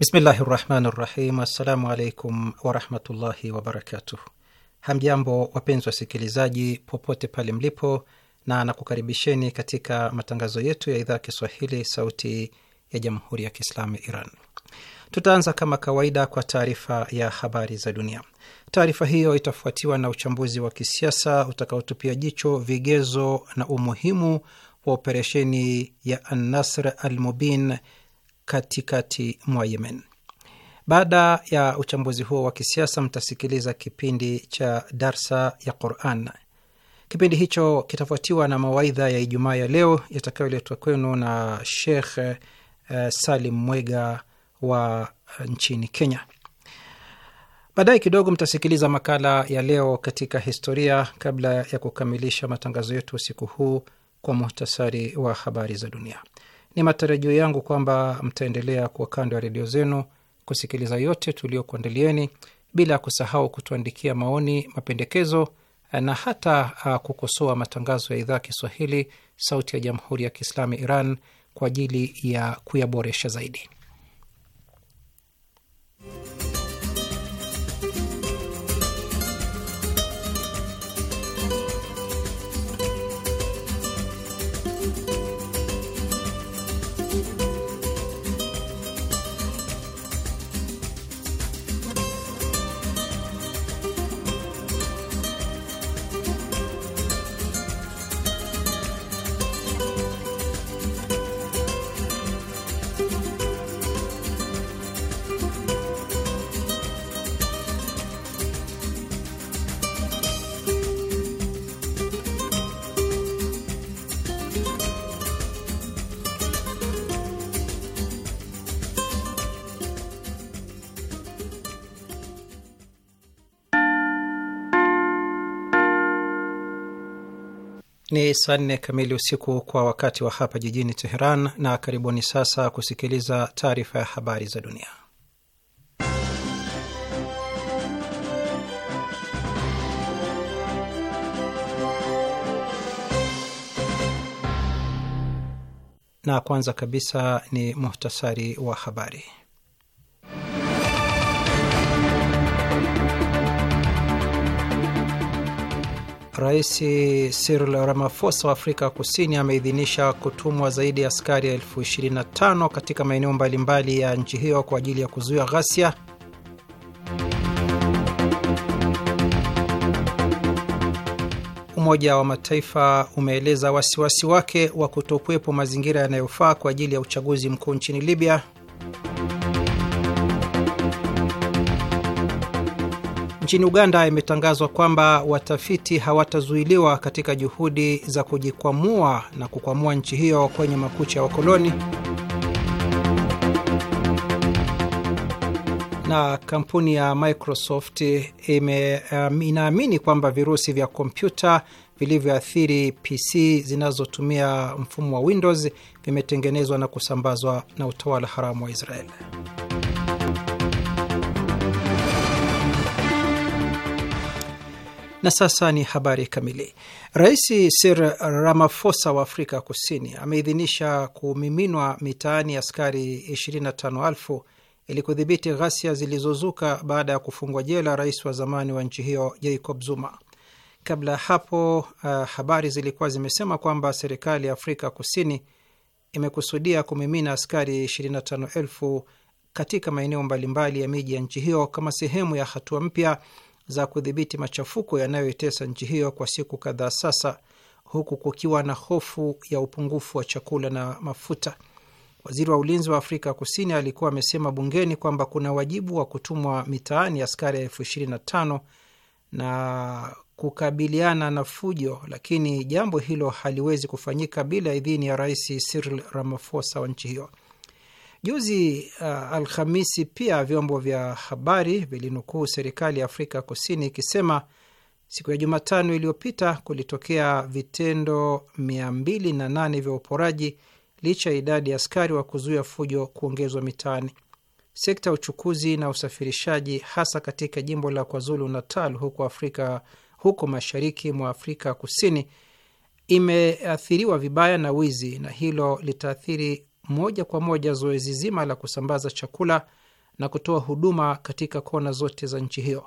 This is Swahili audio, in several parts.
Bismillahi rahmani rahim. Assalamu alaikum warahmatullahi wabarakatuh. Hamjambo wapenzi wasikilizaji, popote pale mlipo, na nakukaribisheni katika matangazo yetu ya idhaa ya Kiswahili sauti ya jamhuri ya Kiislamu ya Iran. Tutaanza kama kawaida kwa taarifa ya habari za dunia. Taarifa hiyo itafuatiwa na uchambuzi wa kisiasa utakaotupia jicho vigezo na umuhimu wa operesheni ya Annasr al Mubin katikati mwa Yemen. Baada ya uchambuzi huo wa kisiasa, mtasikiliza kipindi cha darsa ya Quran. Kipindi hicho kitafuatiwa na mawaidha ya Ijumaa ya leo yatakayoletwa kwenu na Shekh uh, eh, Salim Mwega wa eh, nchini Kenya. Baadaye kidogo mtasikiliza makala ya leo katika historia, kabla ya kukamilisha matangazo yetu usiku huu kwa muhtasari wa habari za dunia. Ni matarajio yangu kwamba mtaendelea kuwa kando ya redio zenu kusikiliza yote tuliokuandalieni, bila ya kusahau kutuandikia maoni, mapendekezo na hata ah, kukosoa matangazo ya idhaa Kiswahili sauti ya jamhuri ya Kiislamu Iran kwa ajili ya kuyaboresha zaidi. Ni saa nne kamili usiku kwa wakati wa hapa jijini Teheran, na karibuni sasa kusikiliza taarifa ya habari za dunia. Na kwanza kabisa ni muhtasari wa habari. Rais Cyril Ramaphosa wa Afrika Kusini ameidhinisha kutumwa zaidi ya askari elfu 25 katika maeneo mbalimbali ya nchi hiyo kwa ajili ya kuzuia ghasia. Umoja wa Mataifa umeeleza wasiwasi wake wa kutokuwepo mazingira yanayofaa kwa ajili ya uchaguzi mkuu nchini Libya. Nchini Uganda imetangazwa kwamba watafiti hawatazuiliwa katika juhudi za kujikwamua na kukwamua nchi hiyo kwenye makucha ya wakoloni. Na kampuni ya Microsoft ime, um, inaamini kwamba virusi vya kompyuta vilivyoathiri PC zinazotumia mfumo wa Windows vimetengenezwa na kusambazwa na utawala haramu wa Israeli. Na sasa ni habari kamili. Rais Cyril Ramaphosa wa Afrika Kusini ameidhinisha kumiminwa mitaani askari 25,000 ili kudhibiti ghasia zilizozuka baada ya kufungwa jela rais wa zamani wa nchi hiyo Jacob Zuma. Kabla ya hapo, uh, habari zilikuwa zimesema kwamba serikali ya Afrika Kusini imekusudia kumimina askari 25,000 katika maeneo mbalimbali ya miji ya nchi hiyo kama sehemu ya hatua mpya za kudhibiti machafuko yanayoitesa nchi hiyo kwa siku kadhaa sasa, huku kukiwa na hofu ya upungufu wa chakula na mafuta. Waziri wa ulinzi wa Afrika Kusini alikuwa amesema bungeni kwamba kuna wajibu wa kutumwa mitaani askari elfu ishirini na tano na kukabiliana na fujo, lakini jambo hilo haliwezi kufanyika bila idhini ya Rais Cyril Ramaphosa wa nchi hiyo. Juzi uh, Alhamisi pia vyombo vya habari vilinukuu serikali ya Afrika Kusini ikisema siku ya Jumatano iliyopita kulitokea vitendo 208 vya uporaji licha ya idadi ya askari wa kuzuia fujo kuongezwa mitaani. Sekta ya uchukuzi na usafirishaji hasa katika jimbo la KwaZulu Natal huko Afrika, huko mashariki mwa Afrika Kusini imeathiriwa vibaya na wizi, na hilo litaathiri moja kwa moja zoezi zima la kusambaza chakula na kutoa huduma katika kona zote za nchi hiyo.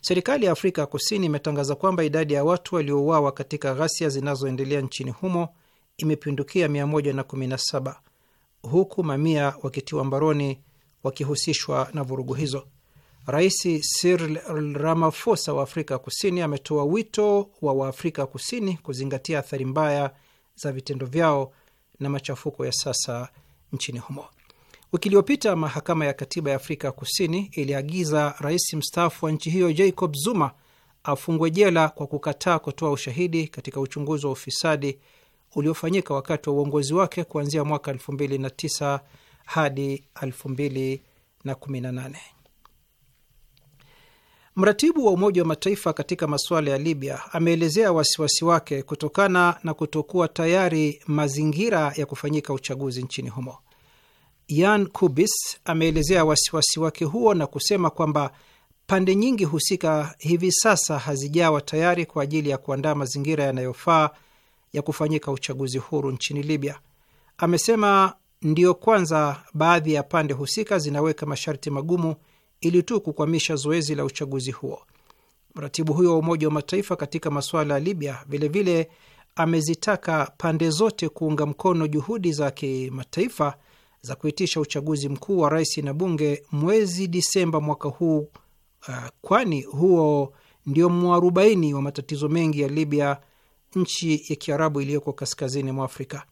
Serikali ya Afrika ya Kusini imetangaza kwamba idadi ya watu waliouawa katika ghasia zinazoendelea nchini humo imepindukia 117 huku mamia wakitiwa mbaroni wakihusishwa na vurugu hizo. Rais Cyril Ramaphosa wa Afrika Kusini ametoa wito wa Waafrika Kusini kuzingatia athari mbaya za vitendo vyao na machafuko ya sasa nchini humo. Wiki iliyopita mahakama ya katiba ya Afrika Kusini iliagiza rais mstaafu wa nchi hiyo Jacob Zuma afungwe jela kwa kukataa kutoa ushahidi katika uchunguzi wa ufisadi uliofanyika wakati wa uongozi wake kuanzia mwaka 2009 hadi 2018. Mratibu wa Umoja wa Mataifa katika masuala ya Libya ameelezea wasiwasi wake kutokana na kutokuwa tayari mazingira ya kufanyika uchaguzi nchini humo. Yan Kubis ameelezea wasiwasi wake huo na kusema kwamba pande nyingi husika hivi sasa hazijawa tayari kwa ajili ya kuandaa mazingira yanayofaa ya kufanyika uchaguzi huru nchini Libya. Amesema ndiyo kwanza baadhi ya pande husika zinaweka masharti magumu ili tu kukwamisha zoezi la uchaguzi huo. Mratibu huyo wa Umoja wa Mataifa katika masuala ya Libya vilevile amezitaka pande zote kuunga mkono juhudi za kimataifa za kuitisha uchaguzi mkuu wa rais na bunge mwezi Disemba mwaka huu, uh, kwani huo ndio mwarobaini wa matatizo mengi ya Libya, nchi ya kiarabu iliyoko kaskazini mwa Afrika.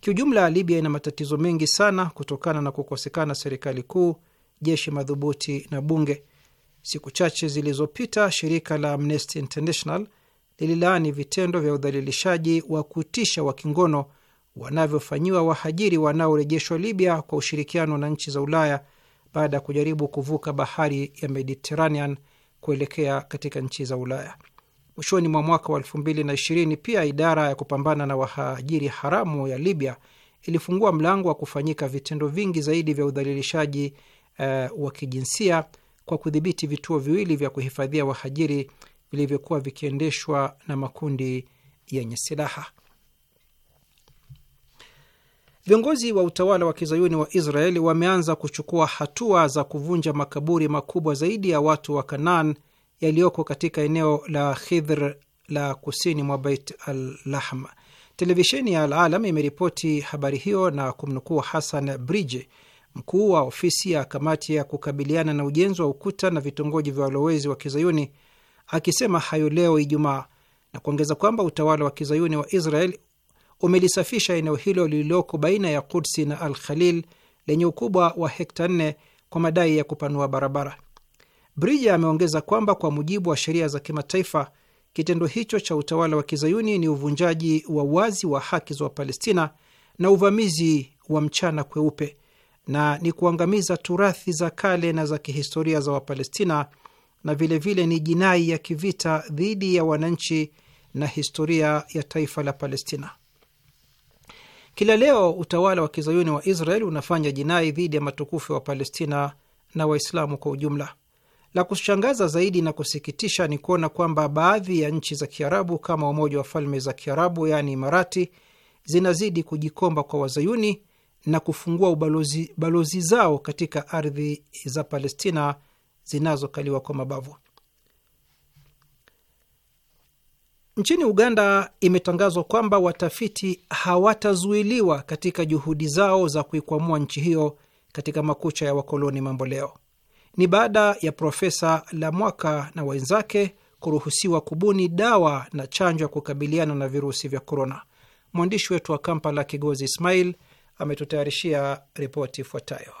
Kiujumla, Libya ina matatizo mengi sana kutokana na kukosekana serikali kuu jeshi madhubuti na bunge. Siku chache zilizopita, shirika la Amnesty International lililaani vitendo vya udhalilishaji wa kutisha wa kingono wanavyofanyiwa wahajiri wanaorejeshwa Libya kwa ushirikiano na nchi za Ulaya baada ya kujaribu kuvuka bahari ya Mediterranean kuelekea katika nchi za Ulaya. Mwishoni mwa mwaka wa 2020 pia idara ya kupambana na wahajiri haramu ya Libya ilifungua mlango wa kufanyika vitendo vingi zaidi vya udhalilishaji uh, wa kijinsia kwa kudhibiti vituo viwili vya kuhifadhia wahajiri vilivyokuwa vikiendeshwa na makundi yenye silaha. Viongozi wa utawala wa kizayuni wa Israeli wameanza kuchukua hatua za kuvunja makaburi makubwa zaidi ya watu wa Kanaan yaliyoko katika eneo la Khidhr la kusini mwa Bait al Lahma. Televisheni ya Alalam imeripoti habari hiyo na kumnukuu Hasan Bridge, Mkuu wa ofisi ya kamati ya kukabiliana na ujenzi wa ukuta na vitongoji vya walowezi wa kizayuni akisema hayo leo Ijumaa na kuongeza kwamba utawala wa kizayuni wa Israel umelisafisha eneo hilo lililoko baina ya Kudsi na Al Khalil lenye ukubwa wa hekta 4 kwa madai ya kupanua barabara. Brija ameongeza kwamba kwa mujibu wa sheria za kimataifa, kitendo hicho cha utawala wa kizayuni ni uvunjaji wa wazi wa haki za Wapalestina na uvamizi wa mchana kweupe na ni kuangamiza turathi za kale na za kihistoria za Wapalestina na vilevile vile ni jinai ya kivita dhidi ya wananchi na historia ya taifa la Palestina. Kila leo utawala wa kizayuni wa Israel unafanya jinai dhidi ya matukufu ya Wapalestina na Waislamu kwa ujumla. La kushangaza zaidi na kusikitisha ni kuona kwamba baadhi ya nchi za Kiarabu kama Umoja wa Falme za Kiarabu, yaani Imarati, zinazidi kujikomba kwa Wazayuni na kufungua ubalozi, balozi zao katika ardhi za Palestina zinazokaliwa kwa mabavu. Nchini Uganda imetangazwa kwamba watafiti hawatazuiliwa katika juhudi zao za kuikwamua nchi hiyo katika makucha ya wakoloni mambo leo. Ni baada ya Profesa Lamwaka na wenzake kuruhusiwa kubuni dawa na chanjo ya kukabiliana na virusi vya korona. Mwandishi wetu wa Kampala, Kigozi Ismail, ametutayarishia ripoti ifuatayo.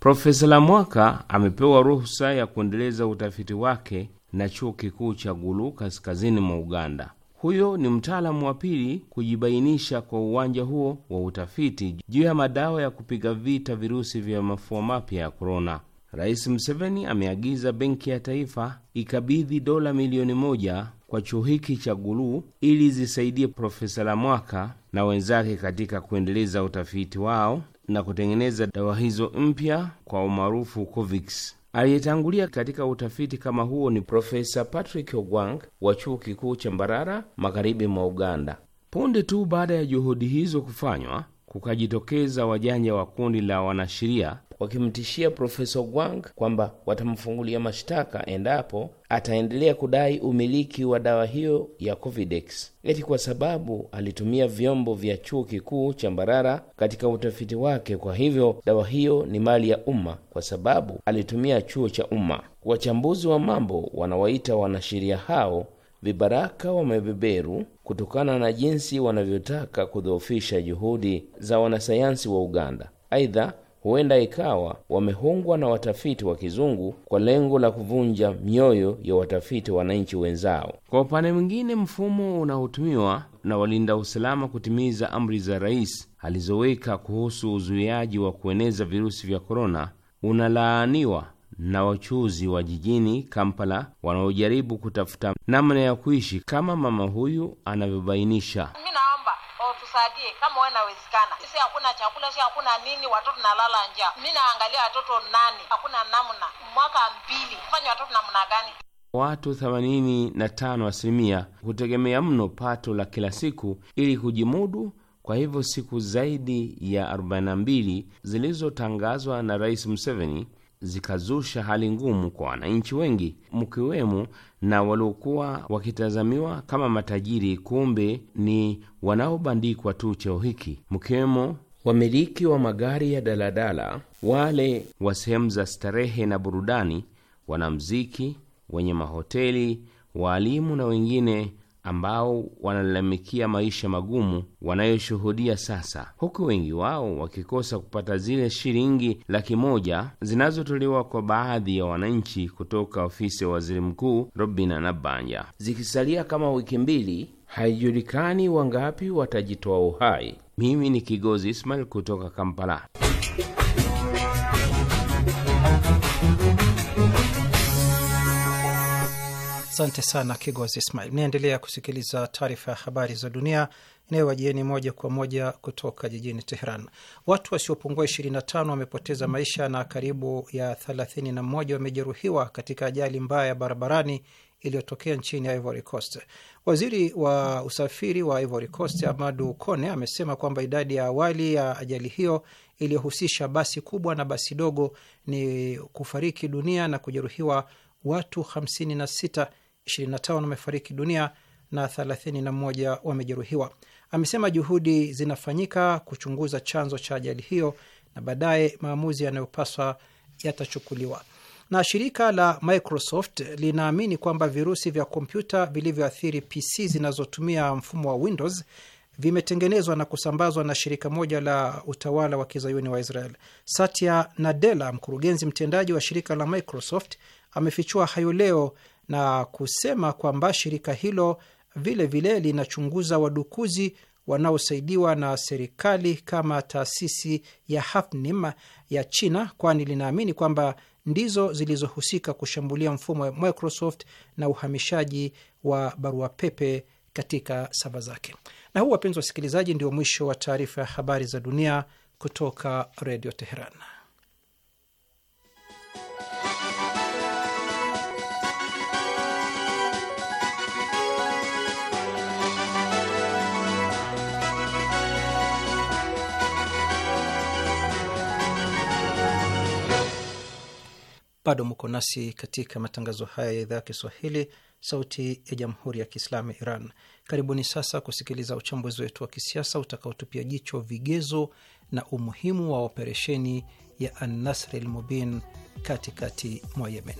Profesa Lamwaka amepewa ruhusa ya kuendeleza utafiti wake na chuo kikuu cha Gulu kaskazini mwa Uganda. Huyo ni mtaalamu wa pili kujibainisha kwa uwanja huo wa utafiti juu ya madawa ya kupiga vita virusi vya mafua mapya ya korona. Rais Museveni ameagiza Benki ya Taifa ikabidhi dola milioni moja kwa chuo hiki cha Guluu ili zisaidie Profesa Lamwaka na wenzake katika kuendeleza utafiti wao na kutengeneza dawa hizo mpya kwa umaarufu Covix. Aliyetangulia katika utafiti kama huo ni Profesa Patrick Ogwang wa chuo kikuu cha Mbarara, magharibi mwa Uganda. Punde tu baada ya juhudi hizo kufanywa kukajitokeza wajanja wa kundi la wanasheria wakimtishia Profesa Gwang kwamba watamfungulia mashtaka endapo ataendelea kudai umiliki wa dawa hiyo ya Covidex, eti kwa sababu alitumia vyombo vya chuo kikuu cha Mbarara katika utafiti wake. Kwa hivyo dawa hiyo ni mali ya umma kwa sababu alitumia chuo cha umma. Wachambuzi wa mambo wanawaita wanasheria hao vibaraka wamebeberu kutokana na jinsi wanavyotaka kudhoofisha juhudi za wanasayansi wa Uganda. Aidha, huenda ikawa wamehungwa na watafiti wa kizungu kwa lengo la kuvunja mioyo ya watafiti wananchi wenzao. Kwa upande mwingine, mfumo unaotumiwa na walinda usalama kutimiza amri za rais alizoweka kuhusu uzuiaji wa kueneza virusi vya korona unalaaniwa na wachuzi wa jijini Kampala wanaojaribu kutafuta namna ya kuishi kama mama huyu anavyobainisha. Mi naomba otusaidie kama wewe Sisi hakuna chakula, si hakuna nini, watoto nalala njaa. Mi naangalia watoto nane, hakuna namna. Mwaka mbili kufanya watoto namna gani? Watu 85 asilimia hutegemea mno pato la kila siku ili kujimudu. Kwa hivyo siku zaidi ya 42 zilizotangazwa na Rais Museveni zikazusha hali ngumu kwa wananchi wengi, mkiwemo na waliokuwa wakitazamiwa kama matajiri, kumbe ni wanaobandikwa tu cheo hiki, mkiwemo wamiliki wa magari ya daladala, wale wa sehemu za starehe na burudani, wanamziki wenye mahoteli, waalimu na wengine ambao wanalalamikia maisha magumu wanayoshuhudia sasa, huku wengi wao wakikosa kupata zile shilingi laki moja zinazotolewa kwa baadhi ya wananchi kutoka ofisi ya waziri mkuu Robin Anabanja. Zikisalia kama wiki mbili, haijulikani wangapi watajitoa uhai. Mimi ni Kigozi Ismail kutoka Kampala. Asante sana Kigozi Ismail. Mnaendelea kusikiliza taarifa ya habari za dunia inayowajieni moja kwa moja kutoka jijini Teheran. Watu wasiopungua 25 wamepoteza maisha na karibu ya 31 wamejeruhiwa katika ajali mbaya ya barabarani iliyotokea nchini Ivory Coast. Waziri wa usafiri wa Ivory Coast Amadu Kone amesema kwamba idadi ya awali ya ajali hiyo iliyohusisha basi kubwa na basi dogo ni kufariki dunia na kujeruhiwa watu 56 25 wamefariki dunia na 31 wamejeruhiwa. Amesema juhudi zinafanyika kuchunguza chanzo cha ajali hiyo na baadaye maamuzi yanayopaswa yatachukuliwa. Na shirika la Microsoft linaamini kwamba virusi vya kompyuta vilivyoathiri PC zinazotumia mfumo wa Windows vimetengenezwa na kusambazwa na shirika moja la utawala wa kizayuni wa Israel. Satya Nadella, mkurugenzi mtendaji wa shirika la Microsoft, amefichua hayo leo na kusema kwamba shirika hilo vilevile vile linachunguza wadukuzi wanaosaidiwa na serikali kama taasisi ya Hafnim ya China, kwani linaamini kwamba ndizo zilizohusika kushambulia mfumo wa Microsoft na uhamishaji wa barua pepe katika saba zake. Na huu, wapenzi wasikilizaji, ndio mwisho wa taarifa ya habari za dunia kutoka Redio Teheran. Bado mko nasi katika matangazo haya ya idhaa ya Kiswahili, sauti ya jamhuri ya kiislamu ya Iran. Karibuni sasa kusikiliza uchambuzi wetu wa kisiasa utakaotupia jicho vigezo na umuhimu wa operesheni ya Annasril Mubin katikati mwa Yemen.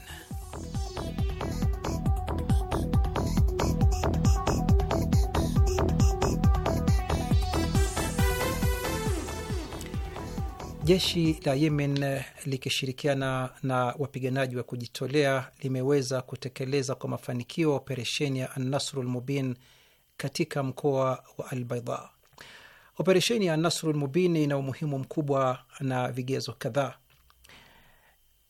Jeshi la Yemen eh, likishirikiana na wapiganaji wa kujitolea limeweza kutekeleza kwa mafanikio operesheni ya Annasrul lmubin katika mkoa wa Albaida. Operesheni ya Annasrul lmubin ina umuhimu mkubwa na vigezo kadhaa.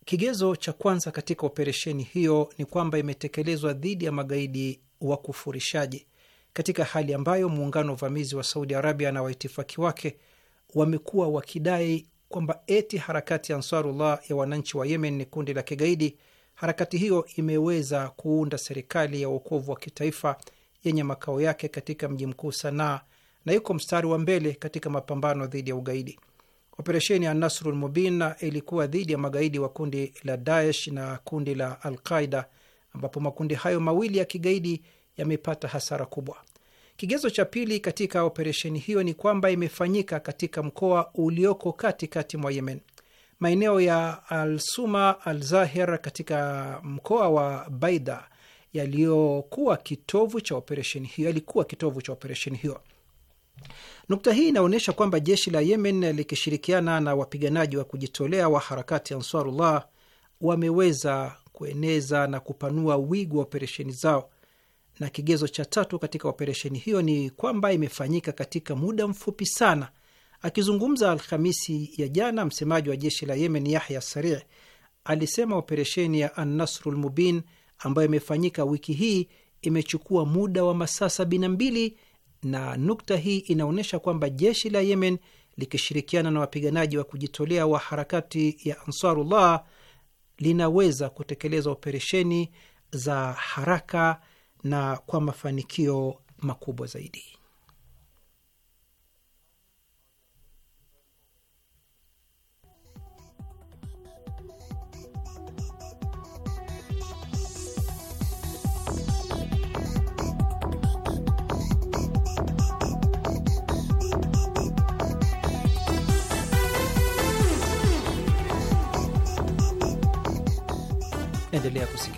Kigezo cha kwanza katika operesheni hiyo ni kwamba imetekelezwa dhidi ya magaidi wa kufurishaji katika hali ambayo muungano wa uvamizi wa Saudi Arabia na waitifaki wake wamekuwa wakidai kwamba eti harakati ya Ansarullah ya wananchi wa Yemen ni kundi la kigaidi, harakati hiyo imeweza kuunda serikali ya uokovu wa kitaifa yenye makao yake katika mji mkuu Sanaa na yuko mstari wa mbele katika mapambano dhidi ya ugaidi. Operesheni ya Nasrul Mubin ilikuwa dhidi ya magaidi wa kundi la Daesh na kundi la Alqaida, ambapo makundi hayo mawili ya kigaidi yamepata hasara kubwa. Kigezo cha pili katika operesheni hiyo ni kwamba imefanyika katika mkoa ulioko katikati mwa Yemen. Maeneo ya Alsuma Alzaher katika mkoa wa Baida yaliyokuwa kitovu cha operesheni hiyo, yalikuwa kitovu cha operesheni hiyo. Nukta hii inaonyesha kwamba jeshi la Yemen likishirikiana na wapiganaji wa kujitolea wa harakati Ansarullah wameweza kueneza na kupanua wigo wa operesheni zao na kigezo cha tatu katika operesheni hiyo ni kwamba imefanyika katika muda mfupi sana. Akizungumza Alhamisi ya jana, msemaji wa jeshi la Yemen Yahya Sari alisema operesheni ya Annasrul Lmubin ambayo imefanyika wiki hii imechukua muda wa masaa sabini na mbili na nukta hii inaonyesha kwamba jeshi la Yemen likishirikiana na wapiganaji wa kujitolea wa harakati ya Ansarullah linaweza kutekeleza operesheni za haraka na kwa mafanikio makubwa zaidi. Endelea kusikia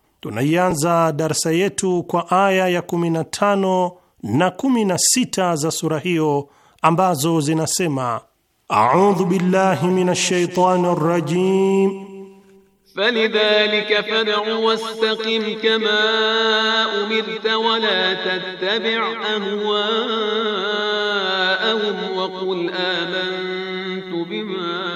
Tunaianza darsa yetu kwa aya ya 15 na 16 za sura hiyo ambazo zinasema: audhu billahi minash shaitani rajim falidhalika fad'u wastaqim kama umirta wala tattabi' ahwaahum wa qul amantu bima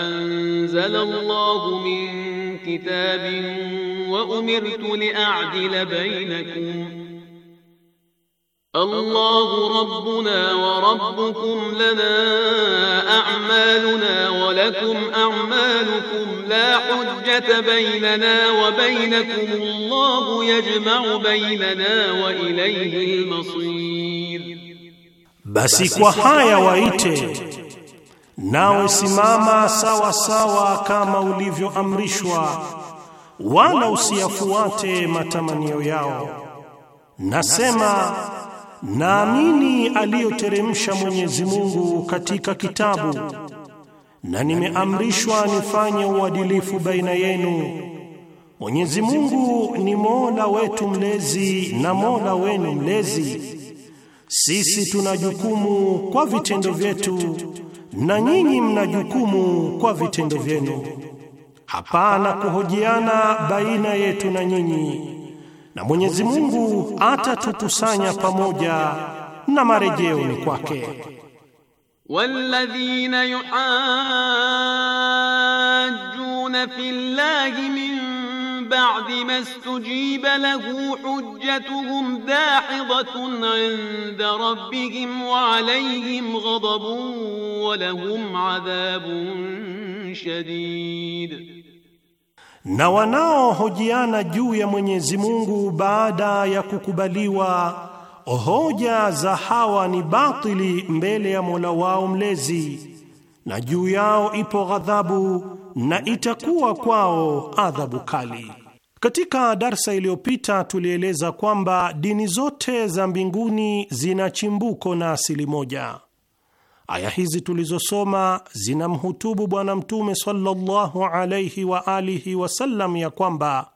anzala Allahu min kitabin وأمرت لأعدل بينكم الله ربنا وربكم لنا أعمالنا ولكم أعمالكم لا حجة بيننا وبينكم الله يجمع بيننا وإليه المصير بس kwa وإيتي ناوي سماما سوا sawa sawa kama أمرشوا wala usiyafuate matamanio yao. Nasema naamini aliyoteremsha Mwenyezi Mungu katika kitabu, na nimeamrishwa nifanye uadilifu baina yenu. Mwenyezi Mungu ni Mola wetu mlezi na Mola wenu mlezi. Sisi tuna jukumu kwa vitendo vyetu na nyinyi mna jukumu kwa vitendo vyenu hapana kuhojiana baina yetu na nyinyi, na Mwenyezi Mungu atatukusanya pamoja na marejeo ni kwake. walladhina yuhajjuna fillahi min ba'di mastujiba lahu hujjatuhum dahidatun 'inda rabbihim wa 'alayhim ghadabun wa lahum 'adhabun shadid na wanaohojiana juu ya Mwenyezi Mungu baada ya kukubaliwa hoja za hawa ni batili mbele ya Mola wao mlezi, na juu yao ipo ghadhabu na itakuwa kwao adhabu kali. Katika darsa iliyopita tulieleza kwamba dini zote za mbinguni zina chimbuko na asili moja. Aya hizi tulizosoma zinamhutubu Bwana Mtume sallallahu alaihi wa alihi wasallam ya kwamba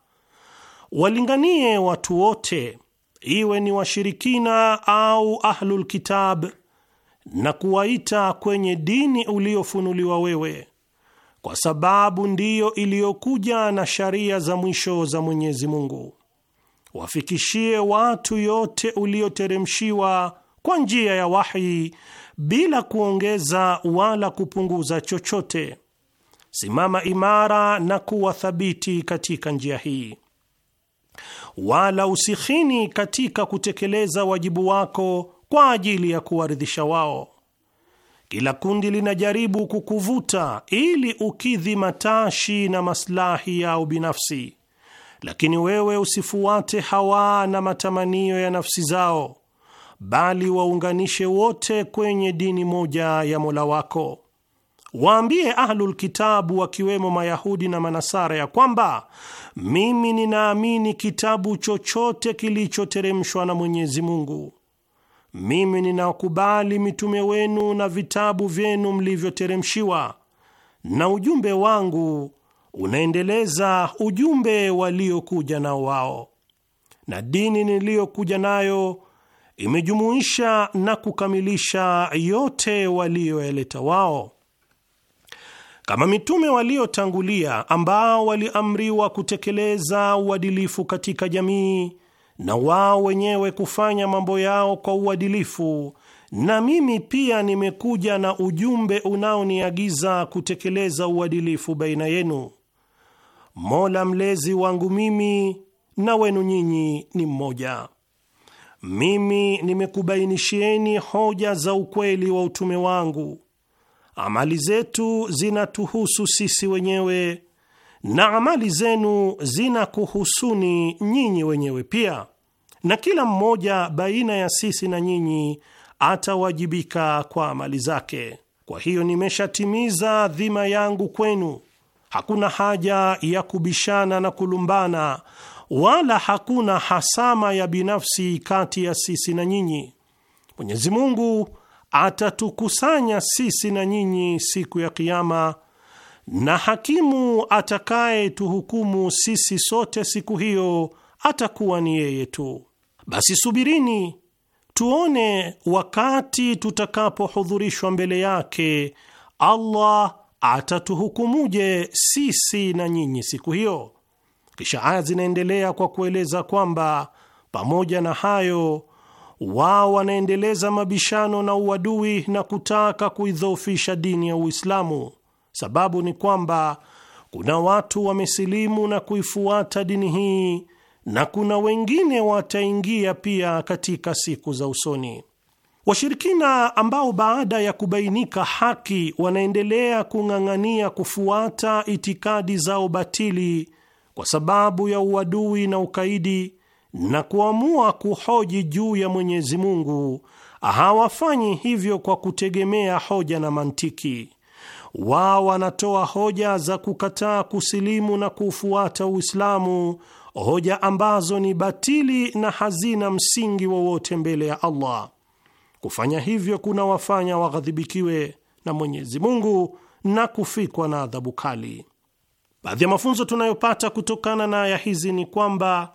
walinganie watu wote, iwe ni washirikina au ahlulkitab, na kuwaita kwenye dini uliofunuliwa wewe, kwa sababu ndiyo iliyokuja na sharia za mwisho za Mwenyezi Mungu. Wafikishie watu yote ulioteremshiwa kwa njia ya wahi bila kuongeza wala kupunguza chochote. Simama imara na kuwa thabiti katika njia hii, wala usikhini katika kutekeleza wajibu wako kwa ajili ya kuwaridhisha wao. Kila kundi linajaribu kukuvuta ili ukidhi matashi na maslahi yao binafsi, lakini wewe usifuate hawa na matamanio ya nafsi zao bali waunganishe wote kwenye dini moja ya Mola wako. Waambie Ahlul Kitabu wakiwemo Mayahudi na Manasara ya kwamba mimi ninaamini kitabu chochote kilichoteremshwa na Mwenyezi Mungu. Mimi ninakubali mitume wenu na vitabu vyenu mlivyoteremshiwa, na ujumbe wangu unaendeleza ujumbe waliokuja nao wao, na dini niliyokuja nayo imejumuisha na kukamilisha yote waliyoyaleta wao kama mitume waliotangulia ambao waliamriwa kutekeleza uadilifu katika jamii na wao wenyewe kufanya mambo yao kwa uadilifu. Na mimi pia nimekuja na ujumbe unaoniagiza kutekeleza uadilifu baina yenu. Mola mlezi wangu mimi na wenu nyinyi ni mmoja mimi nimekubainishieni hoja za ukweli wa utume wangu. Amali zetu zinatuhusu sisi wenyewe na amali zenu zinakuhusuni nyinyi wenyewe pia, na kila mmoja baina ya sisi na nyinyi atawajibika kwa amali zake. Kwa hiyo nimeshatimiza dhima yangu kwenu, hakuna haja ya kubishana na kulumbana wala hakuna hasama ya binafsi kati ya sisi na nyinyi. Mwenyezi Mungu atatukusanya sisi na nyinyi siku ya Kiama, na hakimu atakayetuhukumu sisi sote siku hiyo atakuwa ni yeye tu. Basi subirini tuone wakati tutakapohudhurishwa mbele yake, Allah atatuhukumuje sisi na nyinyi siku hiyo. Kisha aya zinaendelea kwa kueleza kwamba pamoja na hayo wao wanaendeleza mabishano na uadui na kutaka kuidhoofisha dini ya Uislamu. Sababu ni kwamba kuna watu wamesilimu na kuifuata dini hii na kuna wengine wataingia pia katika siku za usoni. Washirikina ambao baada ya kubainika haki wanaendelea kung'ang'ania kufuata itikadi zao batili kwa sababu ya uadui na ukaidi na kuamua kuhoji juu ya Mwenyezi Mungu, hawafanyi hivyo kwa kutegemea hoja na mantiki. Wao wanatoa hoja za kukataa kusilimu na kufuata Uislamu, hoja ambazo ni batili na hazina msingi wowote mbele ya Allah. Kufanya hivyo kuna wafanya waghadhibikiwe na Mwenyezi Mungu na kufikwa na adhabu kali. Baadhi ya mafunzo tunayopata kutokana na aya hizi ni kwamba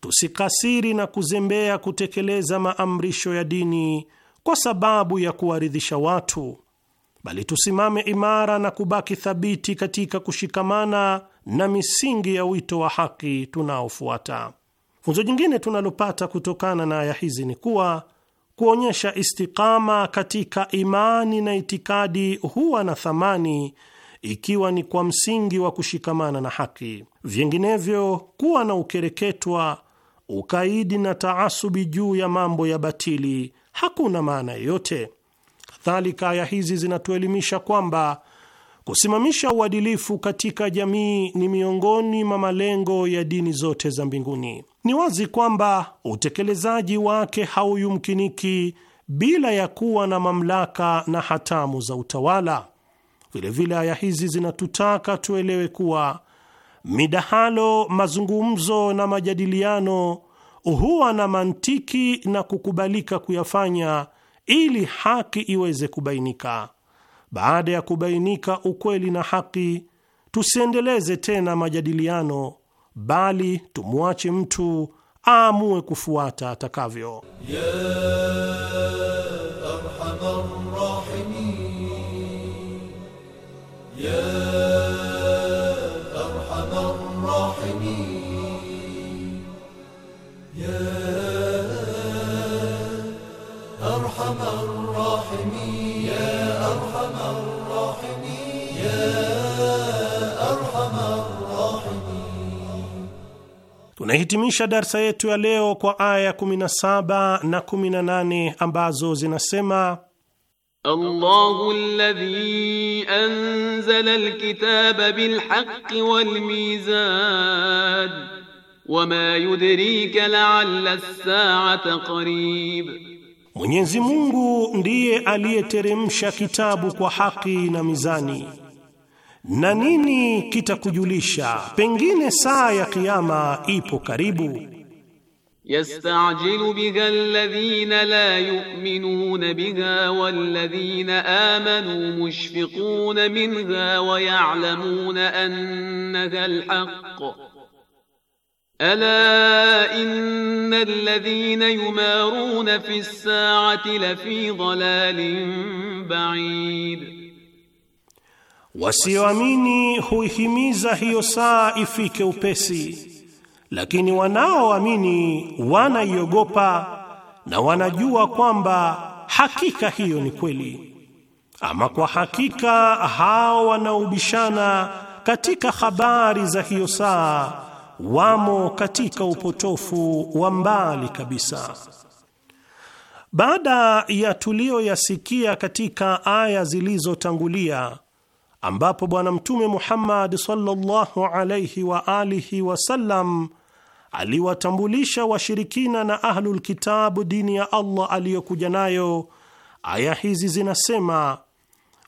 tusikasiri na kuzembea kutekeleza maamrisho ya dini kwa sababu ya kuwaridhisha watu, bali tusimame imara na kubaki thabiti katika kushikamana na misingi ya wito wa haki tunaofuata. Funzo jingine tunalopata kutokana na aya hizi ni kuwa kuonyesha istikama katika imani na itikadi huwa na thamani ikiwa ni kwa msingi wa kushikamana na haki. Vinginevyo, kuwa na ukereketwa, ukaidi na taasubi juu ya mambo ya batili hakuna maana yoyote. Kadhalika, aya hizi zinatuelimisha kwamba kusimamisha uadilifu katika jamii ni miongoni mwa malengo ya dini zote za mbinguni. Ni wazi kwamba utekelezaji wake hauyumkiniki bila ya kuwa na mamlaka na hatamu za utawala. Vilevile aya hizi zinatutaka tuelewe kuwa midahalo, mazungumzo na majadiliano huwa na mantiki na kukubalika kuyafanya ili haki iweze kubainika. Baada ya kubainika ukweli na haki, tusiendeleze tena majadiliano, bali tumwache mtu aamue kufuata atakavyo, yeah. Tunahitimisha darsa yetu ya leo kwa aya 17 na 18 ambazo zinasema: Allahu alladhi anzala alkitaba bilhaqqi walmizan wama yudrika la'alla as-sa'ata qarib, Mwenyezi Mungu ndiye aliyeteremsha kitabu kwa haki na mizani Na nini kitakujulisha pengine saa ya kiyama ipo karibu? Yastajilu biha alladhina la yu'minuna biha walladhina amanu mushfiquna minha wa ya'lamuna annaha alhaq Ala inna alladhina yumaruna fi as-sa'ati lafi dhalalin ba'id Wasioamini huihimiza hiyo saa ifike upesi, lakini wanaoamini wanaiogopa na wanajua kwamba hakika hiyo ni kweli. Ama kwa hakika hao wanaobishana katika habari za hiyo saa wamo katika upotofu wa mbali kabisa. Baada ya tuliyoyasikia katika aya zilizotangulia ambapo Bwana Mtume Muhammad sallallahu alayhi wa alihi wasallam aliwatambulisha washirikina na ahlul kitabu dini ya Allah aliyokuja nayo. Aya hizi zinasema,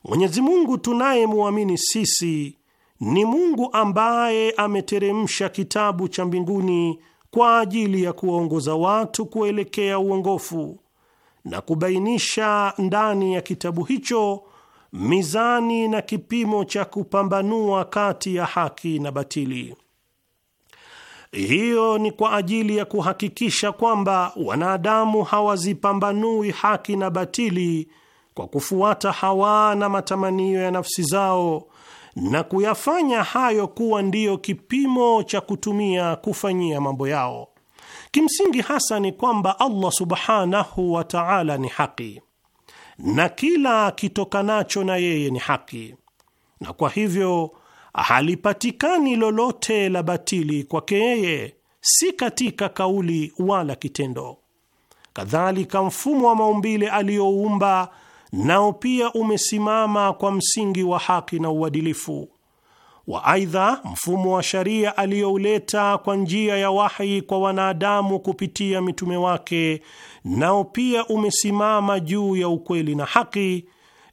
Mwenyezi Mungu tunayemwamini sisi ni Mungu ambaye ameteremsha kitabu cha mbinguni kwa ajili ya kuwaongoza watu kuelekea uongofu na kubainisha ndani ya kitabu hicho mizani na kipimo cha kupambanua kati ya haki na batili. Hiyo ni kwa ajili ya kuhakikisha kwamba wanadamu hawazipambanui haki na batili kwa kufuata hawa na matamanio ya nafsi zao na kuyafanya hayo kuwa ndiyo kipimo cha kutumia kufanyia mambo yao. Kimsingi hasa ni kwamba Allah subhanahu wa ta'ala ni haki na kila kitokanacho na yeye ni haki, na kwa hivyo halipatikani lolote la batili kwake yeye, si katika kauli wala kitendo. Kadhalika, mfumo wa maumbile aliyoumba nao pia umesimama kwa msingi wa haki na uadilifu wa aidha, mfumo wa sharia aliyouleta kwa njia ya wahi kwa wanadamu kupitia mitume wake nao pia umesimama juu ya ukweli na haki,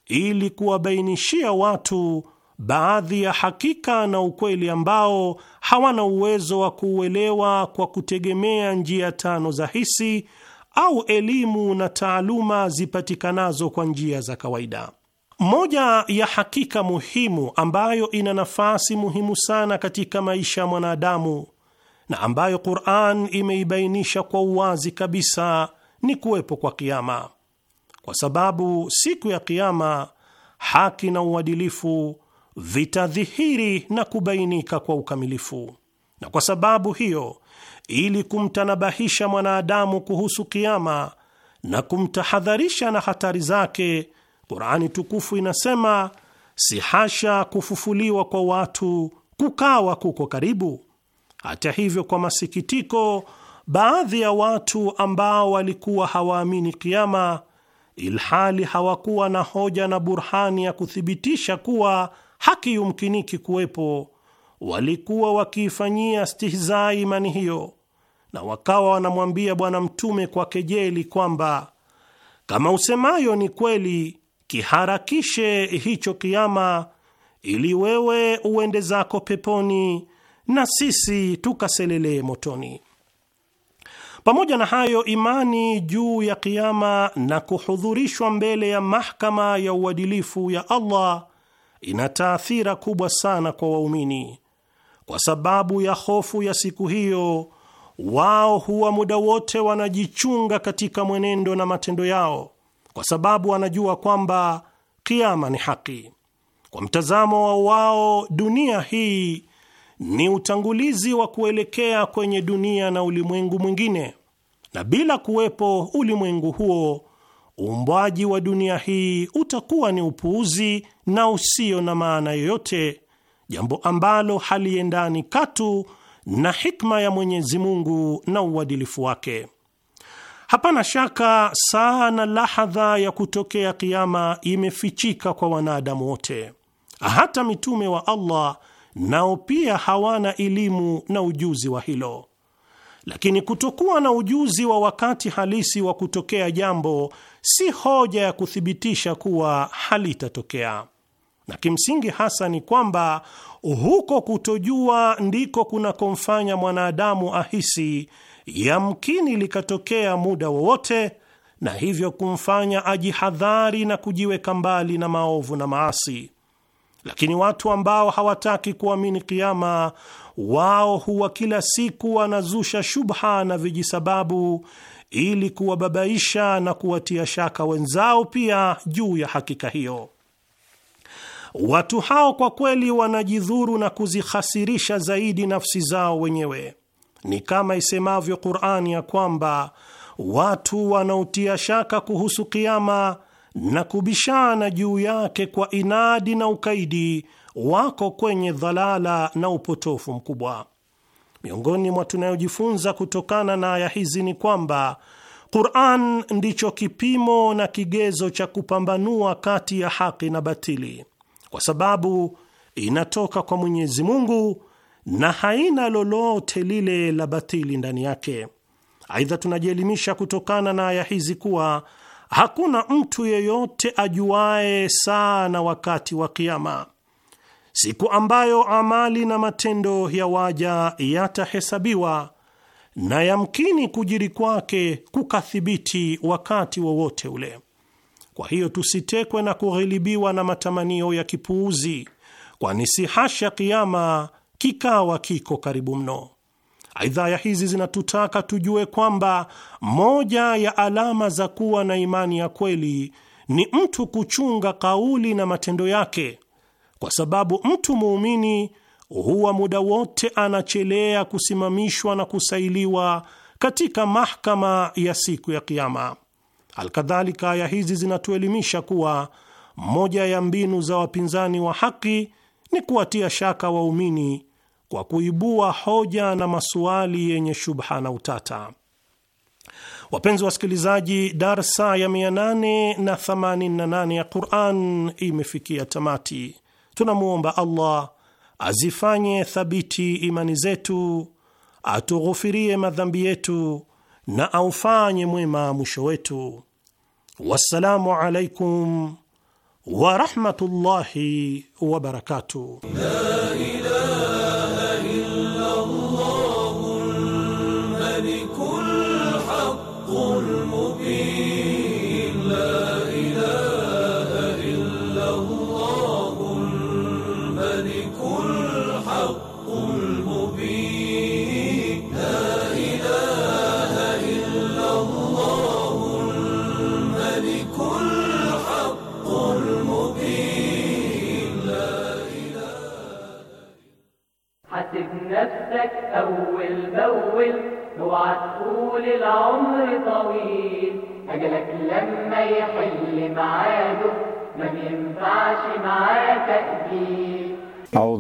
ili kuwabainishia watu baadhi ya hakika na ukweli ambao hawana uwezo wa kuuelewa kwa kutegemea njia tano za hisi au elimu na taaluma zipatikanazo kwa njia za kawaida. Moja ya hakika muhimu ambayo ina nafasi muhimu sana katika maisha ya mwanadamu na ambayo Qur'an imeibainisha kwa uwazi kabisa ni kuwepo kwa kiama, kwa sababu siku ya kiama haki na uadilifu vitadhihiri na kubainika kwa ukamilifu. Na kwa sababu hiyo, ili kumtanabahisha mwanadamu kuhusu kiama na kumtahadharisha na hatari zake Qurani tukufu inasema, si hasha kufufuliwa kwa watu kukawa kuko karibu. Hata hivyo, kwa masikitiko, baadhi ya watu ambao walikuwa hawaamini kiama, ilhali hawakuwa na hoja na burhani ya kuthibitisha kuwa haki yumkiniki kuwepo, walikuwa wakiifanyia stihzai imani hiyo, na wakawa wanamwambia Bwana Mtume kwa kejeli kwamba kama usemayo ni kweli kiharakishe hicho kiama, ili wewe uende zako peponi na sisi tukaselelee motoni. Pamoja na hayo, imani juu ya kiama na kuhudhurishwa mbele ya mahakama ya uadilifu ya Allah ina taathira kubwa sana kwa waumini. Kwa sababu ya hofu ya siku hiyo, wao huwa muda wote wanajichunga katika mwenendo na matendo yao kwa sababu anajua kwamba kiama ni haki. Kwa mtazamo wa wao, dunia hii ni utangulizi wa kuelekea kwenye dunia na ulimwengu mwingine, na bila kuwepo ulimwengu huo, uumbwaji wa dunia hii utakuwa ni upuuzi na usio na maana yoyote, jambo ambalo haliendani katu na hikma ya Mwenyezi Mungu na uadilifu wake. Hapana shaka saa na lahadha ya kutokea kiama imefichika kwa wanadamu wote, hata mitume wa Allah nao pia hawana elimu na ujuzi wa hilo. Lakini kutokuwa na ujuzi wa wakati halisi wa kutokea jambo si hoja ya kuthibitisha kuwa halitatokea, na kimsingi hasa ni kwamba huko kutojua ndiko kunakomfanya mwanadamu ahisi yamkini likatokea muda wowote, na hivyo kumfanya ajihadhari na kujiweka mbali na maovu na maasi. Lakini watu ambao hawataki kuamini kiama, wao huwa kila siku wanazusha shubha na vijisababu ili kuwababaisha na kuwatia shaka wenzao pia juu ya hakika hiyo. Watu hao kwa kweli wanajidhuru na kuzihasirisha zaidi nafsi zao wenyewe. Ni kama isemavyo Qur'ani ya kwamba watu wanaotia shaka kuhusu kiama na kubishana juu yake kwa inadi na ukaidi wako kwenye dhalala na upotofu mkubwa. Miongoni mwa tunayojifunza kutokana na aya hizi ni kwamba Qur'an ndicho kipimo na kigezo cha kupambanua kati ya haki na batili, kwa sababu inatoka kwa Mwenyezi Mungu na haina lolote lile la batili ndani yake. Aidha, tunajielimisha kutokana na aya hizi kuwa hakuna mtu yeyote ajuaye sana wakati wa Kiama, siku ambayo amali na matendo ya waja yatahesabiwa na yamkini kujiri kwake kukathibiti wakati wowote ule. Kwa hiyo tusitekwe na kughilibiwa na matamanio ya kipuuzi, kwani si hasha kiama kikawa kiko karibu mno. Aidha, aya hizi zinatutaka tujue kwamba moja ya alama za kuwa na imani ya kweli ni mtu kuchunga kauli na matendo yake, kwa sababu mtu muumini huwa muda wote anachelea kusimamishwa na kusailiwa katika mahakama ya siku ya Kiama. Alkadhalika, aya hizi zinatuelimisha kuwa moja ya mbinu za wapinzani wa haki ni kuwatia shaka waumini kwa kuibua hoja na masuali yenye shubha na utata. Wapenzi wasikilizaji, darsa ya 888 ya Quran imefikia tamati. Tunamwomba Allah azifanye thabiti imani zetu, atughufirie madhambi yetu na aufanye mwema mwisho wetu. Wassalamu alaikum ورحمه الله وبركاته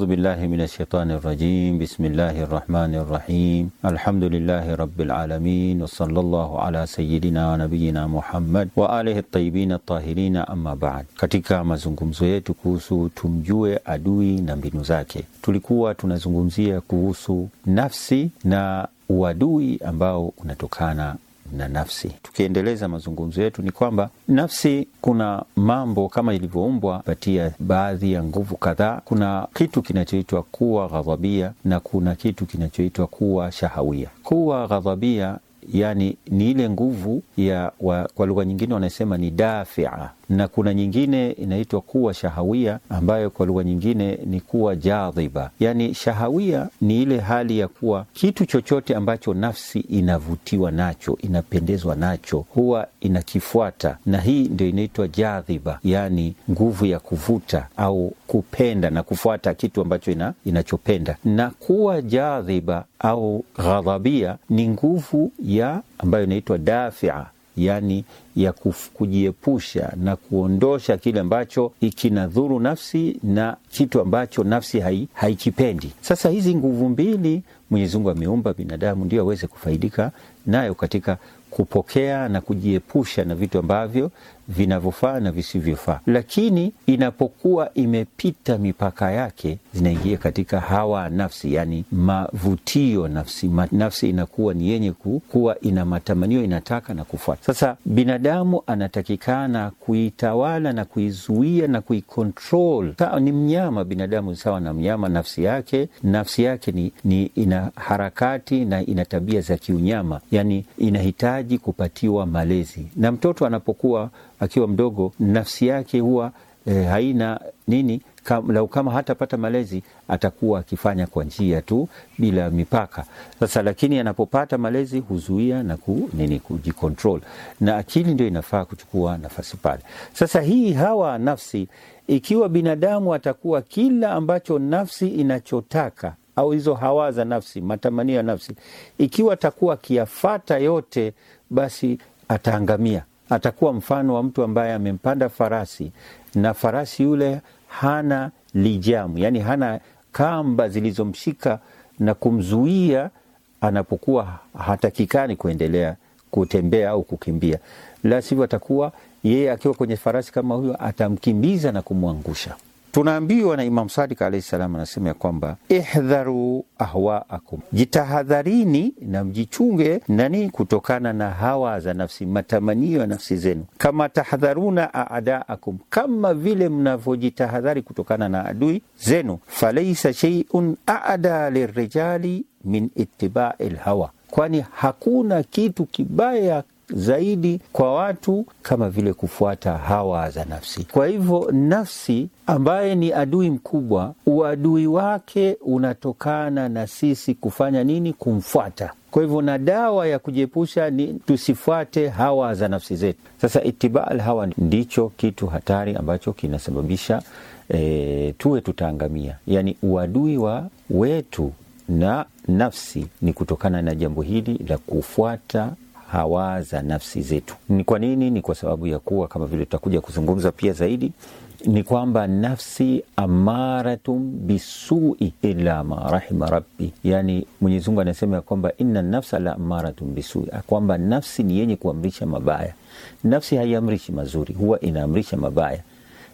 أعوذ بالله من rajim الرجيم بسم الله الرحمن الرحيم الحمد لله رب العالمين وصلى Muhammad wa alihi tayyibina tahirina, amma baad. Katika mazungumzo yetu kuhusu tumjue adui na mbinu zake, tulikuwa tunazungumzia kuhusu nafsi na uadui ambao unatokana na nafsi. Tukiendeleza mazungumzo yetu, ni kwamba nafsi, kuna mambo kama ilivyoumbwa patia baadhi ya nguvu kadhaa. Kuna kitu kinachoitwa kuwa ghadhabia na kuna kitu kinachoitwa kuwa shahawia. Kuwa ghadhabia yani ni ile nguvu ya wa, kwa lugha nyingine wanasema ni dafia na kuna nyingine inaitwa kuwa shahawia, ambayo kwa lugha nyingine ni kuwa jadhiba. Yaani, shahawia ni ile hali ya kuwa kitu chochote ambacho nafsi inavutiwa nacho, inapendezwa nacho, huwa inakifuata, na hii ndio inaitwa jadhiba, yani nguvu ya kuvuta au kupenda na kufuata kitu ambacho ina, inachopenda. Na kuwa jadhiba au ghadhabia ni nguvu ya ambayo inaitwa dafia yani ya kujiepusha na kuondosha kile ambacho ikinadhuru nafsi na kitu ambacho nafsi hai, haikipendi. Sasa hizi nguvu mbili Mwenyezi Mungu ameumba binadamu ndio aweze kufaidika nayo katika kupokea na kujiepusha na vitu ambavyo vinavyofaa na visivyofaa, lakini inapokuwa imepita mipaka yake zinaingia katika hawa nafsi, yani mavutio nafsi. Nafsi inakuwa ni yenye kuwa ina matamanio, inataka na kufuata. Sasa binadamu anatakikana kuitawala na kuizuia na kuikontrol. Sawa, ni mnyama binadamu, sawa na mnyama nafsi yake. Nafsi yake ni, ni ina harakati na ina tabia za kiunyama, yani inahitaji anahitaji kupatiwa malezi, na mtoto anapokuwa akiwa mdogo, nafsi yake huwa e, haina nini kam, lau kama hatapata malezi atakuwa akifanya kwa njia tu bila mipaka. Sasa lakini anapopata malezi huzuia na ku, nini kujikontrol, na akili ndio inafaa kuchukua nafasi pale. Sasa hii hawa nafsi, ikiwa binadamu atakuwa kila ambacho nafsi inachotaka au hizo hawa za nafsi, matamanio ya nafsi, ikiwa atakuwa akiyafata yote basi ataangamia. Atakuwa mfano wa mtu ambaye amempanda farasi na farasi yule hana lijamu, yaani hana kamba zilizomshika na kumzuia anapokuwa hatakikani kuendelea kutembea au kukimbia, la sivyo atakuwa yeye akiwa kwenye farasi kama huyo atamkimbiza na kumwangusha. Tunaambiwa na Imam Sadik alaihi salam, anasema ya kwamba ihdharu ahwaakum, jitahadharini na mjichunge nani, kutokana na hawa za nafsi, matamanio ya nafsi zenu, kama tahdharuna aadaakum, kama vile mnavyojitahadhari kutokana na adui zenu. Falaisa sheiun ada lirijali min itibai lhawa, kwani hakuna kitu kibaya zaidi kwa watu kama vile kufuata hawa za nafsi. Kwa hivyo nafsi ambaye ni adui mkubwa, uadui wake unatokana na sisi kufanya nini? Kumfuata. Kwa hivyo na dawa ya kujiepusha ni tusifuate hawa za nafsi zetu. Sasa itibaa al hawa ndicho kitu hatari ambacho kinasababisha e, tuwe tutaangamia, yaani uadui wa wetu na nafsi ni kutokana na jambo hili la kufuata hawa za nafsi zetu. Ni kwa nini? Ni kwa sababu ya kuwa kama vile tutakuja kuzungumza pia zaidi ni kwamba nafsi amaratum bisui ila ma rahima rabbi, yani Mwenyezi Mungu anasema ya kwamba inna nafsa la amaratum bisui, kwamba nafsi ni yenye kuamrisha mabaya. Nafsi haiamrishi mazuri, huwa inaamrisha mabaya.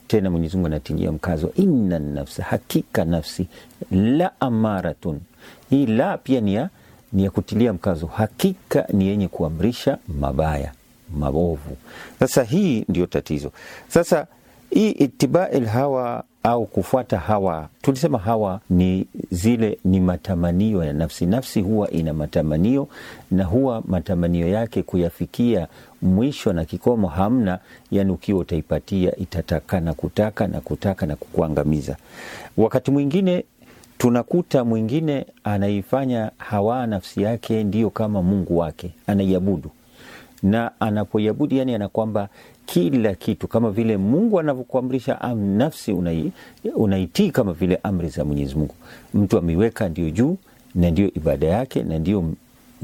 Tena Mwenyezi Mungu anatilia mkazo inna nafsa, hakika nafsi la amaratun. Hii la pia ni ya ni ya kutilia mkazo, hakika ni yenye kuamrisha mabaya mabovu. Sasa hii ndiyo tatizo. Sasa hii itibail hawa au kufuata hawa, tulisema hawa ni zile, ni matamanio ya nafsi. Nafsi huwa ina matamanio na huwa matamanio yake kuyafikia mwisho na kikomo hamna, yani ukiwa utaipatia itataka na kutaka na kutaka na kukuangamiza. Wakati mwingine tunakuta mwingine anaifanya hawa nafsi yake ndiyo kama Mungu wake, anaiabudu na anapoiabudu, yani anakwamba kila kitu kama vile Mungu anavyokuamrisha, nafsi unaitii unai kama vile amri za Mwenyezi Mungu, mtu ameiweka ndio juu na ndio ibada yake na ndio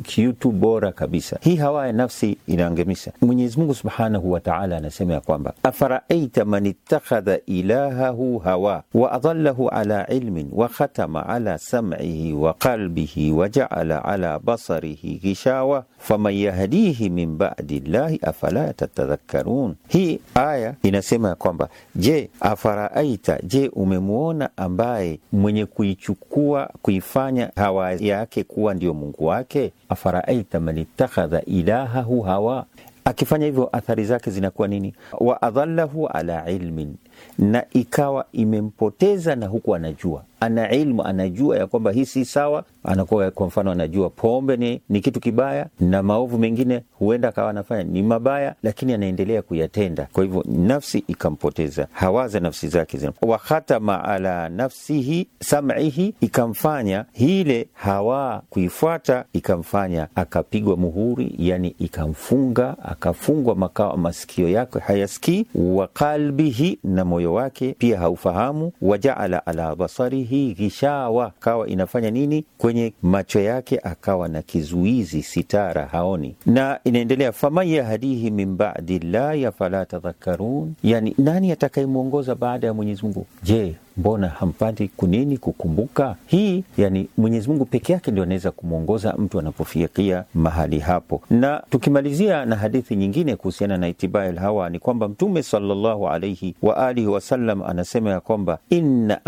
kitu bora kabisa. Hii hawa ya nafsi inaangemisha. Mwenyezi Mungu subhanahu wa taala anasema ya kwamba afaraaita man ittakhadha ilahahu hawa wa adallahu ala ilmin wa khatama ala sam'ihi wa qalbihi wa jaala ala basarihi gishawa faman yahdihi min ba'di llahi afala tatadhakkarun. Hii aya inasema ya kwamba je, afaraaita, je umemwona ambaye mwenye kuichukua kuifanya hawa yake kuwa ndio Mungu wake afaraaita man ittakhadha ilahahu hawa, akifanya hivyo athari zake zinakuwa nini? Wa adhallahu ala ilmin, na ikawa imempoteza na huku anajua ana ilmu, anajua ya kwamba hii si sawa. Anakuwa kwa mfano, anajua pombe ni, ni kitu kibaya na maovu mengine huenda akawa anafanya ni mabaya, lakini anaendelea kuyatenda. Kwa hivyo nafsi ikampoteza, hawaza nafsi zake zina wakhatama ala nafsihi sam'ihi, ikamfanya hile hawa kuifuata, ikamfanya akapigwa muhuri, yani ikamfunga, akafungwa makao, masikio yake hayasikii, wa qalbihi, na moyo wake pia haufahamu, wajaala ala basarihi hii kishawa, kawa inafanya nini kwenye macho yake, akawa na kizuizi sitara, haoni. Na inaendelea faman yahdihi min baadi llahi afala tadhakkarun, yani nani atakayemwongoza baada ya Mwenyezi Mungu? Je, mbona hampati kunini kukumbuka hii? Yani Mwenyezi Mungu peke yake ndio anaweza kumwongoza mtu anapofikia mahali hapo. Na tukimalizia na hadithi nyingine kuhusiana na itibai lhawa ni kwamba Mtume salllahu alaihi waalihi wasallam anasema ya kwamba inna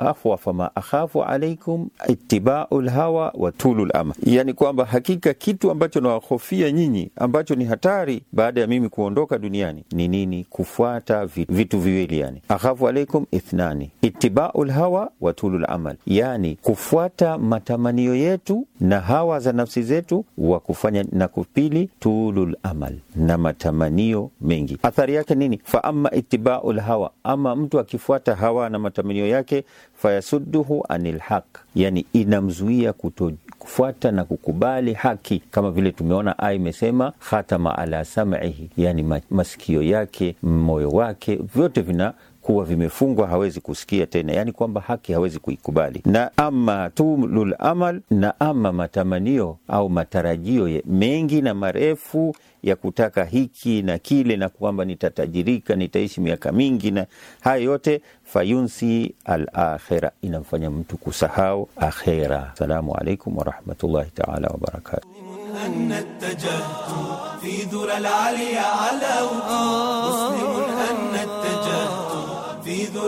ahwafa ma akhafu alaikum itibau lhawa wa tulu lama, yani kwamba hakika kitu ambacho nawahofia nyinyi ambacho ni hatari baada ya mimi kuondoka duniani ni nini? Kufuata vitu viwili, yani akhafu alaikum ithnani ittiba'ul hawa wa tulul amal, yani kufuata matamanio yetu na hawa za nafsi zetu, wa kufanya na kupili tulul amal na matamanio mengi. Athari yake nini? Fa amma ittiba'ul hawa, ama mtu akifuata hawa na matamanio yake, fayasudduhu anil haq, yani inamzuia kuto kufuata na kukubali haki, kama vile tumeona aya imesema khatama ala sam'ihi, yani masikio yake, moyo wake, vyote vina kuwa vimefungwa, hawezi kusikia tena, yani kwamba haki hawezi kuikubali. Na ama tulul amal, na ama matamanio au matarajio mengi na marefu ya kutaka hiki na kile, na kwamba nitatajirika, nitaishi miaka mingi, na haya yote fayunsi alakhira, inamfanya mtu kusahau akhira. Assalamu alaikum warahmatullahi taala wabarakatu.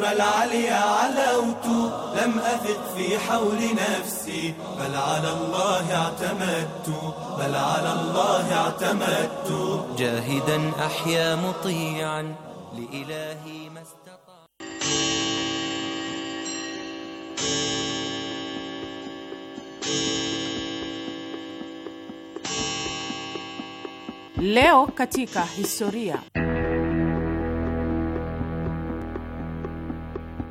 الثورة العليا علوت لم أثق في حول نفسي بل على الله اعتمدت بل على الله اعتمدت جاهدا أحيا مطيعا لإلهي ما استطاع Leo katika historia.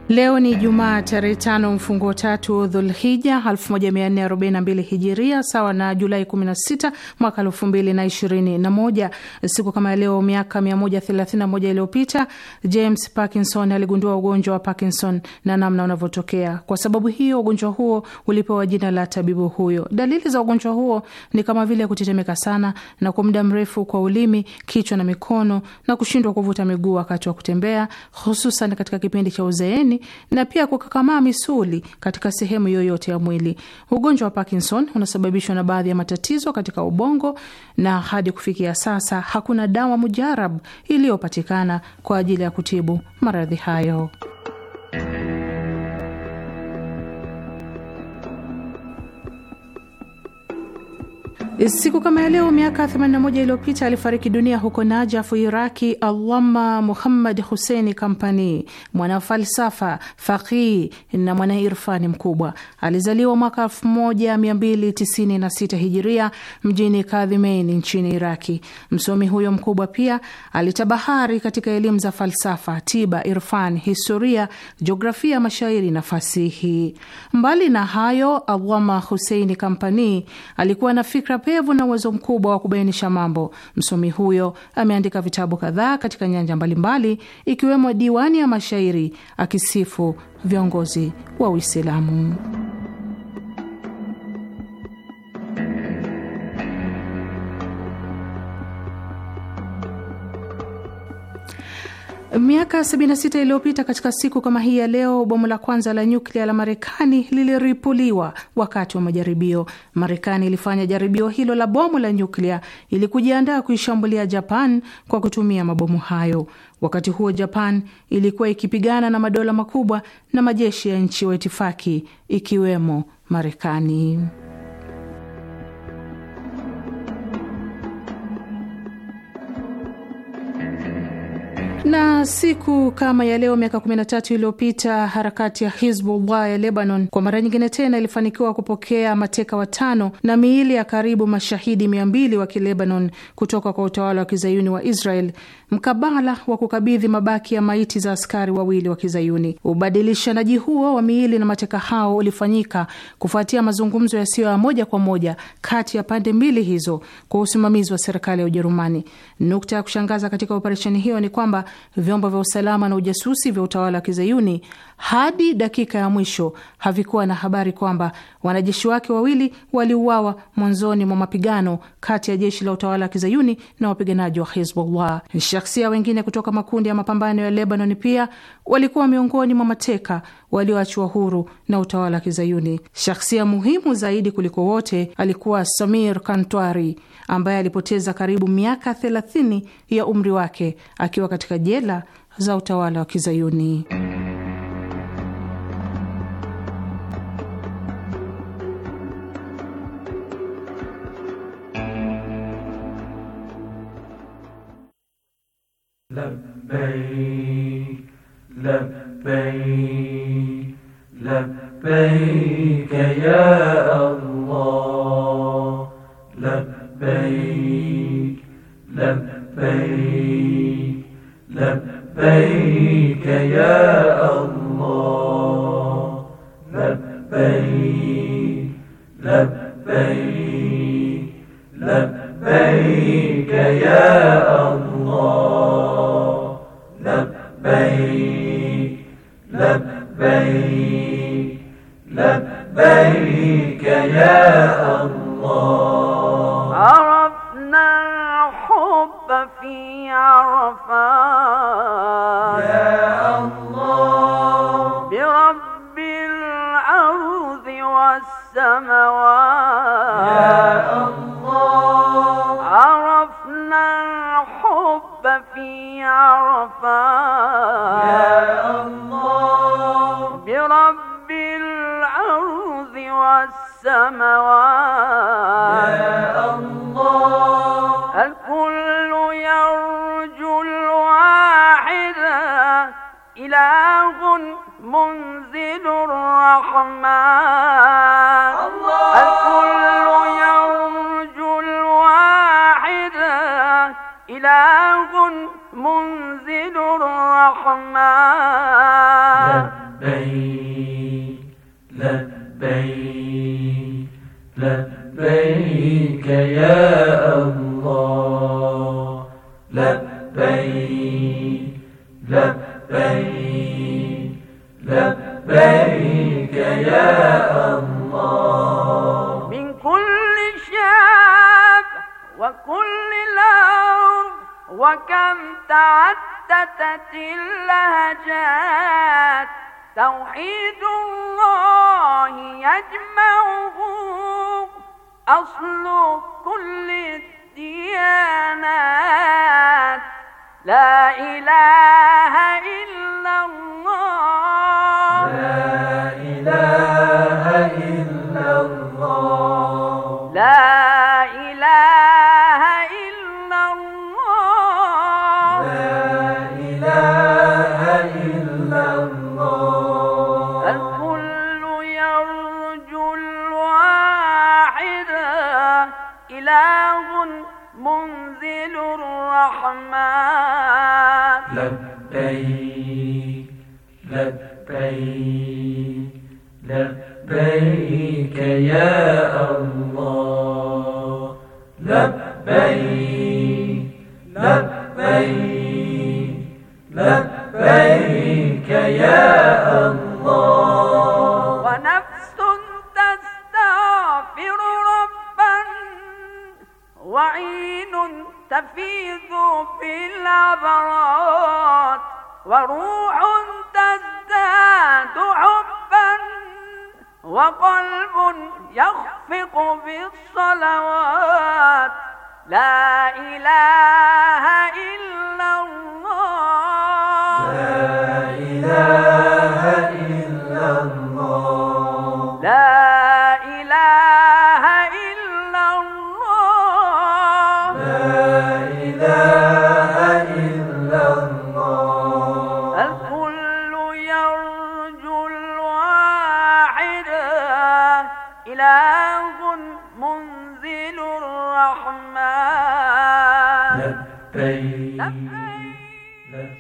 Leo ni Jumaa tarehe tano mfungo tatu Dhulhija 1442 hijiria sawa na Julai 16 mwaka 2021. Siku kama leo miaka 131 iliyopita James Parkinson aligundua ugonjwa wa Parkinson na namna unavyotokea. Kwa sababu hiyo ugonjwa huo ulipewa jina la tabibu huyo. Dalili za ugonjwa huo ni kama vile kutetemeka sana na kwa muda mrefu kwa ulimi, kichwa na mikono na kushindwa kuvuta miguu wakati wa kutembea, hususan katika kipindi cha uzeeni na pia kukakamaa misuli katika sehemu yoyote ya mwili. Ugonjwa wa Parkinson unasababishwa na baadhi ya matatizo katika ubongo, na hadi kufikia sasa hakuna dawa mujarabu iliyopatikana kwa ajili ya kutibu maradhi hayo. E, siku kama ya leo miaka 81 iliyopita alifariki dunia huko Najafu, Iraki, Allama Muhammad Huseini Kampani, mwanafalsafa faqihi na mwanairfani mkubwa. Alizaliwa mwaka 1296 Hijiria mjini Kadhimeini nchini Iraki. Msomi huyo mkubwa pia alitabahari katika elimu za falsafa, tiba, irfan, historia, jiografia, mashairi na fasihi. Mbali na hayo, Allama Huseini Kampani alikuwa na fikra upepevu na uwezo mkubwa wa kubainisha mambo. Msomi huyo ameandika vitabu kadhaa katika nyanja mbalimbali, ikiwemo diwani ya mashairi akisifu viongozi wa Uislamu. Miaka 76 iliyopita katika siku kama hii ya leo, bomu la kwanza la nyuklia la Marekani liliripuliwa wakati wa majaribio. Marekani ilifanya jaribio hilo la bomu la nyuklia ili kujiandaa kuishambulia Japan kwa kutumia mabomu hayo. Wakati huo, Japan ilikuwa ikipigana na madola makubwa na majeshi ya nchi wa itifaki ikiwemo Marekani. Na siku kama ya leo miaka 13 iliyopita harakati ya Hizbullah ya Lebanon kwa mara nyingine tena ilifanikiwa kupokea mateka watano na miili ya karibu mashahidi 200 wa Kilebanon kutoka kwa utawala wa kizayuni wa Israel mkabala wa kukabidhi mabaki ya maiti za askari wawili wa kizayuni. Ubadilishanaji huo wa miili na mateka hao ulifanyika kufuatia mazungumzo yasiyo ya moja kwa moja kati ya pande mbili hizo kwa usimamizi wa serikali ya Ujerumani. Nukta ya kushangaza katika operesheni hiyo ni kwamba vyombo vya usalama na ujasusi vya utawala wa kizayuni hadi dakika ya mwisho havikuwa na habari kwamba wanajeshi wake wawili waliuawa mwanzoni mwa mapigano kati ya jeshi la utawala wa kizayuni na wapiganaji wa Hizbullah. Shakhsia wengine kutoka makundi ya mapambano ya Lebanon pia walikuwa miongoni mwa mateka walioachiwa huru na utawala wa Kizayuni. Shakhsia muhimu zaidi kuliko wote alikuwa Samir Kantwari ambaye alipoteza karibu miaka 30 ya umri wake akiwa katika jela za utawala wa Kizayuni. Labbaik, labbaik. لبيك يا الله لبيك لبيك لبيك يا الله لبيك لبيك لبيك يا الله لبيك لبيك لبيك يا الله عرفنا الحب في عرفات يا الله برب الأرض والسماوات يا الله عرفنا الحب في عرفات 光芒。لبيك يا الله لبيك لبيك لبيك يا الله ونفس تستغفر ربا وعين تفيض في العبرات وروح يزداد حبا وقلب يخفق في الصلوات لا إله إلا الله لا إله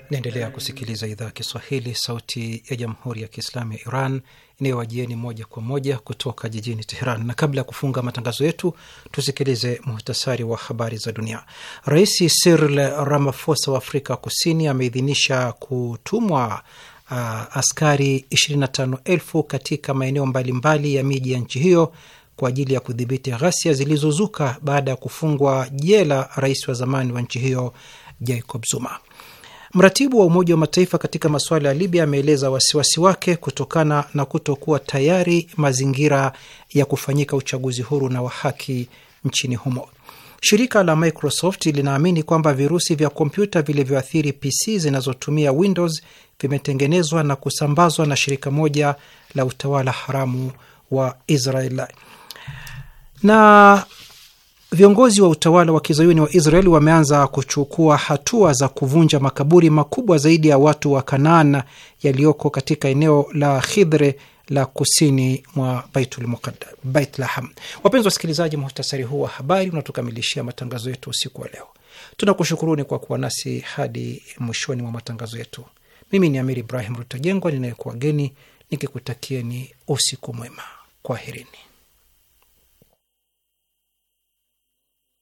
Naendelea kusikiliza idhaa ya Kiswahili, sauti ya jamhuri ya kiislamu ya Iran inayowajieni moja kwa moja kutoka jijini Teheran. Na kabla ya kufunga matangazo yetu, tusikilize muhtasari wa habari za dunia. Rais Cyril Ramaphosa wa Afrika Kusini ameidhinisha kutumwa uh, askari 25,000 katika maeneo mbalimbali ya miji ya nchi hiyo kwa ajili ya kudhibiti ghasia zilizozuka baada ya kufungwa jela rais wa zamani wa nchi hiyo Jacob Zuma. Mratibu wa Umoja wa Mataifa katika masuala ya Libya ameeleza wasiwasi wake kutokana na kutokuwa tayari mazingira ya kufanyika uchaguzi huru na wa haki nchini humo. Shirika la Microsoft linaamini kwamba virusi vya kompyuta vilivyoathiri PC zinazotumia Windows vimetengenezwa na kusambazwa na shirika moja la utawala haramu wa Israel. Na Viongozi wa utawala wa kizayuni wa Israel wameanza kuchukua hatua za kuvunja makaburi makubwa zaidi ya watu wa Kanaan yaliyoko katika eneo la Khidhre la kusini mwa Baitul Muqaddas, wa wasikilizaji, muhtasari huu wa habari unatukamilishia matangazo yetu usiku wa leo. Tunakushukuruni kwa kuwa nasi hadi mwishoni mwa matangazo yetu. Mimi ni Amir Ibrahim Rutajengwa ninayekuwageni nikikutakieni usiku mwema. Kwaherini.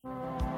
Bye.